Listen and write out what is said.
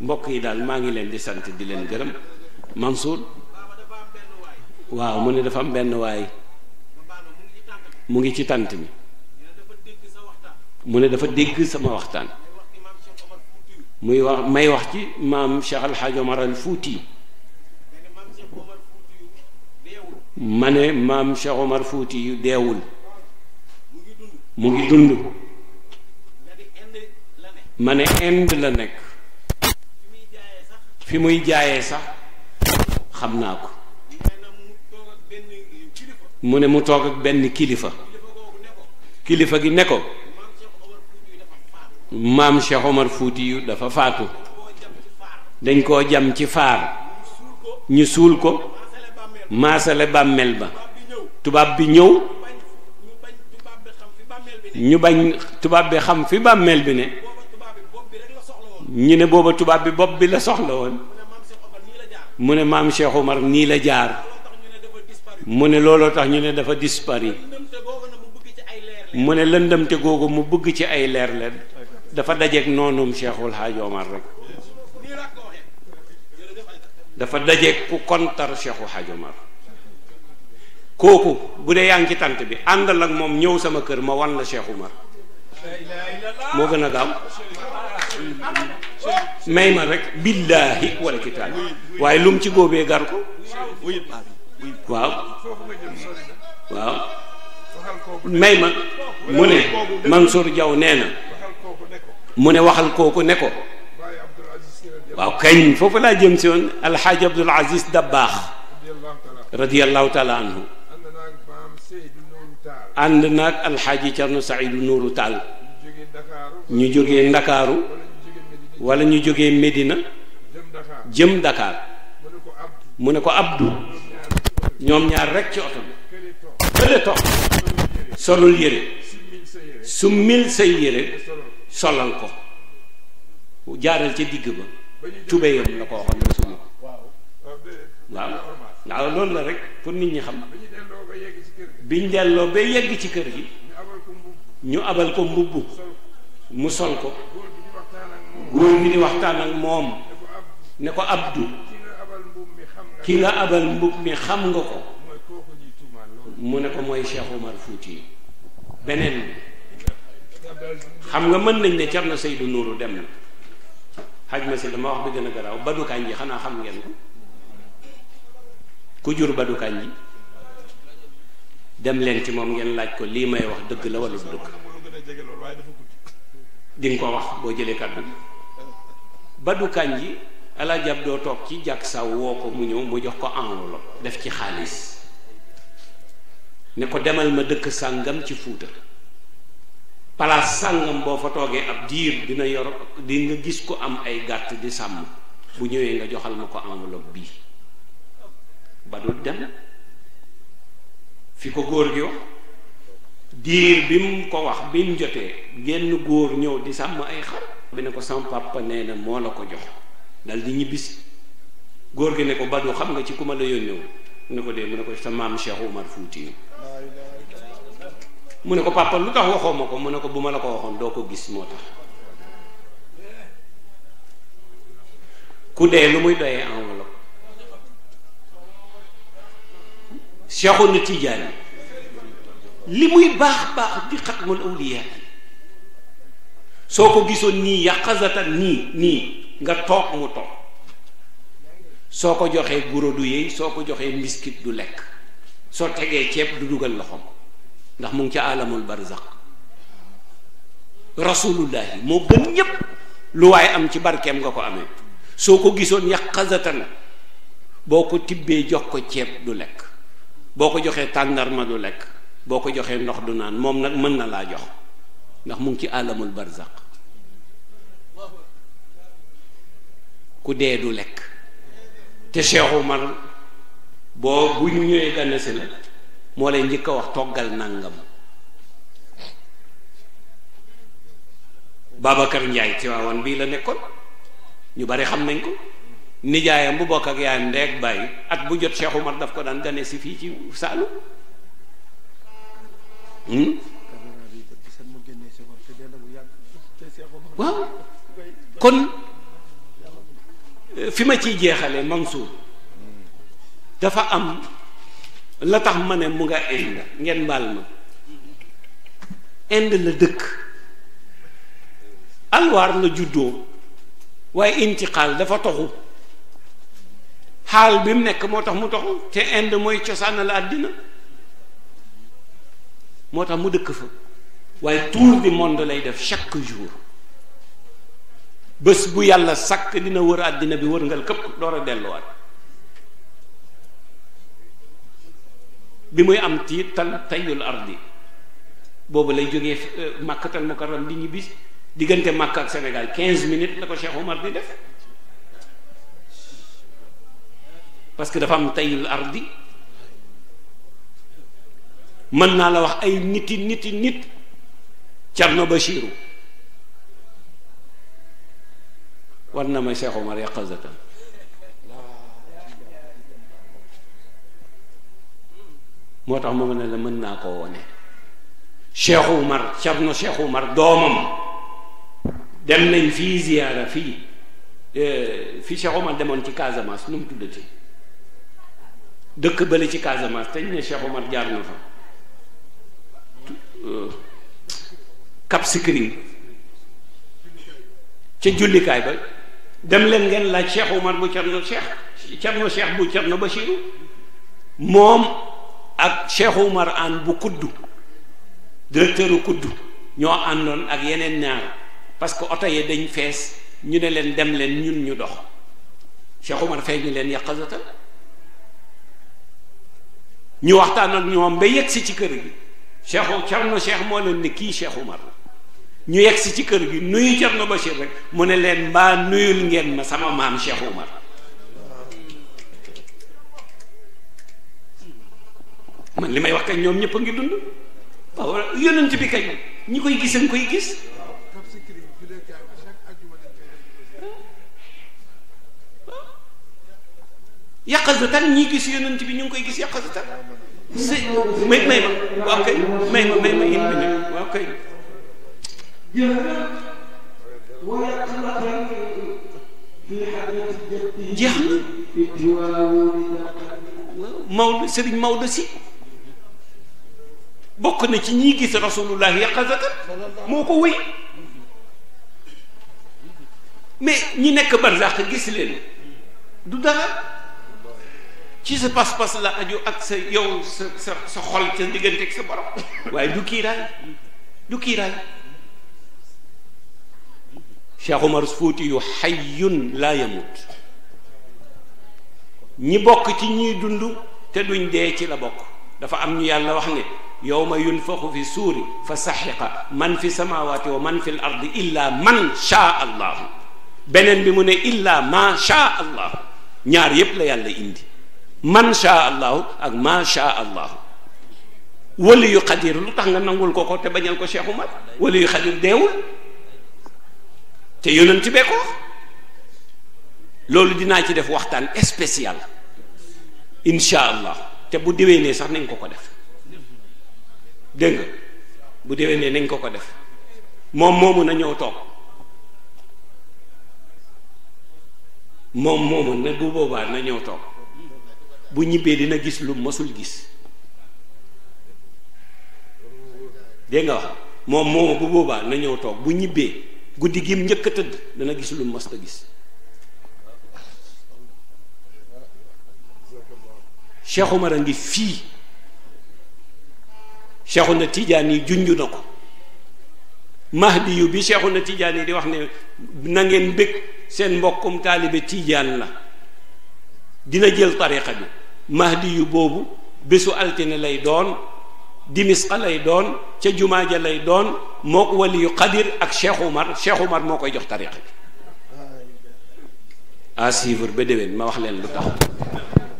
mbokk yi daal maa ngi leen di sant di leen gërëm Mansour waaw mu ne dafa am benn waay mu ngi ci tànt mi mu ne dafa dégg sama waxtaan muy wax may wax ci maam Cheikh Al Hadj Omar Al Fouti ma ne maam Cheikh Omar Fouti yu deewul mu ngi dund ma ne Inde la nekk. fi muy jaayee sax xam naa ko mu ne mu toog ak benn kilifa kilifa gi ne ko maam Cheikh Omar Fuuti yu dafa faatu dañ koo jam ci faar ñu suul ko maasale bàmmeel ba tubaab bi ñëw ñu bañ tubaab bi xam fi bàmmeel bi ne ñu ne booba tubaab bi bopp bi la soxla woon mu ne maam Cheikh mar nii la jaar mu ne looloo tax ñu ne dafa dispari mu ne lëndëmte googu mu bëgg ci ay leer leen dafa dajeeg noonum Cheikhul Haaj Omar dafa dajeeg ku kontar Cheikhul Haaj kooku bu dee yaa ngi ci tànt bi àndal ak moom ñëw sama kër ma wan la seexu Omar moo gën a gaaw may ma rek billaahi wala waaye lu mu ci góobee gar ko waaw may ma mu ne Mansour Diaw nee na mu ne waxal kooku ne ko waaw kañ foofu laa jëm si woon alxaaji Abdul Aziz Dabbaax radiallahu taala anhu ànd naag alxaaji Cerno Saidu Nuuru Taal ñu jógee Ndakaaru wala ñu jógee Medina jëm Dakar mu ne ko Abdou ñoom ñaar rekk ci oto bi kële toog solul yére su mil say yére solal ko jaaral ci digg ba tubéyam la ko waxoon na suma waaw waaw loolu la rek pour nit ñi xam biñ delloo ba yegg ci kër gi ñu abal ko mbubb mu sol ko góor gi di waxtaan ak moom ne ko Abdou ki la abal mbub mi xam nga ko mu ne ko mooy Cheikh Omar Fouti beneen bi xam nga mën nañ ne Cerno Seydou Nourou dem na xaj ma si dama wax bi gën a garaaw badukaañ ji xanaa xam ngeen ko ku jur badukaan ji dem leen ci moom ngeen laaj ko lii may wax dëgg la wala du dëgg di ko wax boo jëlee kàddu Badou Kandji Alaaji doo toog ci jàkk sa woo ko mu ñëw mu jox ko enveloppe def ci xaalis ne ko demal ma dëkk sàngam ci Fuuta palaas sàngam boo fa toogee ab diir dina yor di nga gis ko am ay gàtt di sàmm bu ñëwee nga joxal ma ko enveloppe bii Badou dem fi ko góor gi wax diir bi mu ko wax bi mu jotee genn góor ñëw di sàmm ay xar bi ne ko sam papa nee moo la ko jox dal di ñibbisi góor gi ne ko badu xam nga ci ku ma la yónnewu mu ne ko dee mu ne ko sa maam Cheikh Umar Fuuti mu ne ko papa lu tax waxoo ma ko mu ne ko bu ma la ko waxoon doo ko gis moo tax ku dee lu muy doyee enveloppe Cheikhouna Tidiane li muy baax baax di xatmul awliya soo ko gisoon nii yaqazatan nii nii nga toog mu toog soo ko joxee guro du yëy soo ko joxee miskit du lekk soo tegee ceeb du dugal loxoom ndax mu ngi ca alamul barzaq rasulullahi moo gën ñépp lu waaye am ci barkeem nga ko amee soo ko gisoon yaqazatan boo ko tibbee jox ko ceeb du lekk boo ko joxee tàndarma du lekk boo ko joxee ndox du naan moom nag mën na laa jox ndax mu ngi ci alamul barzaq ku dee du lekk te Cheikh Umar boo bu ñu ñëwee gànna la moo leen njëkk a wax toggal nangam Babacar Njaay ci waawan bii la nekkoon ñu bari xam nañ ko nijaayam bu bokk ak yaayam ndeeg bàyyi at bu jot Cheikh Umar daf ko daan gane fii ci Saalum hmm? waaw kon fi ma ciy jeexale Mansour dafa am la tax ma ne mu nga Inde ngeen mbaal ma Inde la dëkk alwaar la juddoo waaye intixaal dafa toxu xaal bi mu nekk moo tax mu toxu te Inde mooy cosaan la àddina moo tax mu dëkk fa waaye tour du monde lay def chaque jour bés bu yàlla sàkk dina wër àddina bi wërngal këpp door a delluwaat bi muy am tiit tal tayul ardi boobu lay jógee euh, màkkatal mukarram di ñibbi diggante màkk ak Sénégal quinze minutes la ko Cheikh Omar di def parce que dafa am tayul ardi mën naa la wax ay niti niti nit ba Bachirou war na ma Cheikh Omar yaqazatan moo tax moom ne la mën naa koo wone Cheikh Omar Cerno Cheikh Omar doomam dem nañ fii ziyaara fii eh, fii Cheikh Omar demoon ci Casamance nu mu tuddati dëkk bële ci Casamance te ñu ne Cheikh Omar jaar na fa euh, Cap Skirring ca jullikaay ba dem leen ngeen laaj Cheikh Umar bu Cerno Cheikh Cerno Cheikh bu Cerno Bachiru moom ak Cheikh Umar an bu kuddu directeur u kuddu ñoo àndoon ak yeneen ñaar parce que oto yi dañ fees ñu ne leen dem leen ñun ñu dox Cheikh Umar fee ñu leen yàqazatal ñu waxtaan ak ñoom ba yegg si ci kër gi Cheikh Cerno Cheikh moo leen ni kii Cheikh Umar ñu yegg si ci kër gi nuyu na Bachir rek mu ne leen mbaa nuyul ngeen ma sama maam Cheikh Oumar man li may wax kañ ñoom ñëpp a ngi dund waaw bi kañ ñi koy gis a ngi koy gis yàqasatan ñii gis yonent bi ñu ngi koy gis yàqasatan si may may ma waaw kay may ma may ma in bi waaw kay jërëjëf jeex na Maodo Serigne Maodo si bokk na ci ñi gis rasulullah yaqazatan moo ko wéy mais ñi nekk barzaq gis leen du dara ci sa pas-pas la aju ak sa yow sa sa sa xol ca digganteeg sa borom waaye du kiiraay du kiiraay Cheikh Omar fuuti yu xayyun laa yamut ñi bokk ci ñiy dund te duñ dee ci la bokk dafa am ñu yàlla wax ne yawma yunfaxu fi suuri fa saxiqa man fi samawati wa man fi l illa man shaa allahu beneen bi mu ne illa ma shaa allahu ñaar yépp la yàlla indi man shaa allahu ak ma shaa allahu wali yu xadir lu tax nga nangul ko ko te bañal ko Cheikh Omar wali yu xadir deewul te yonent bee ko loolu dinaa ci def waxtaan spécial incha te bu déwénee sax nañ ko ko def dégg nga bu déwénee nañ ko ko def moom moomu na ñëw toog moom moomu na bu boobaa na ñëw toog bu ñibbee dina gis lu mësul gis dégg nga moom moomu bu boobaa na ñëw toog bu ñibbee guddi gi mu njëkk a tëdd dana gis lu mës a gis Cheikh Umar a ngi fii Cheikhuna Tijaani junj na ko Mahdi yu bi Cheikhuna Tijaani di wax ne na ngeen seen mbokkum taalibe tiijaan la dina jël tariqa bi Mahdi yu boobu bésu altine lay doon dimisqa lay doon ca jumaa ja lay doon moo ko waliyu Qadir ak Cheikh Umar Cheikh Umar moo koy jox tariqa bi à suivre ba déwén ma wax leen lu tax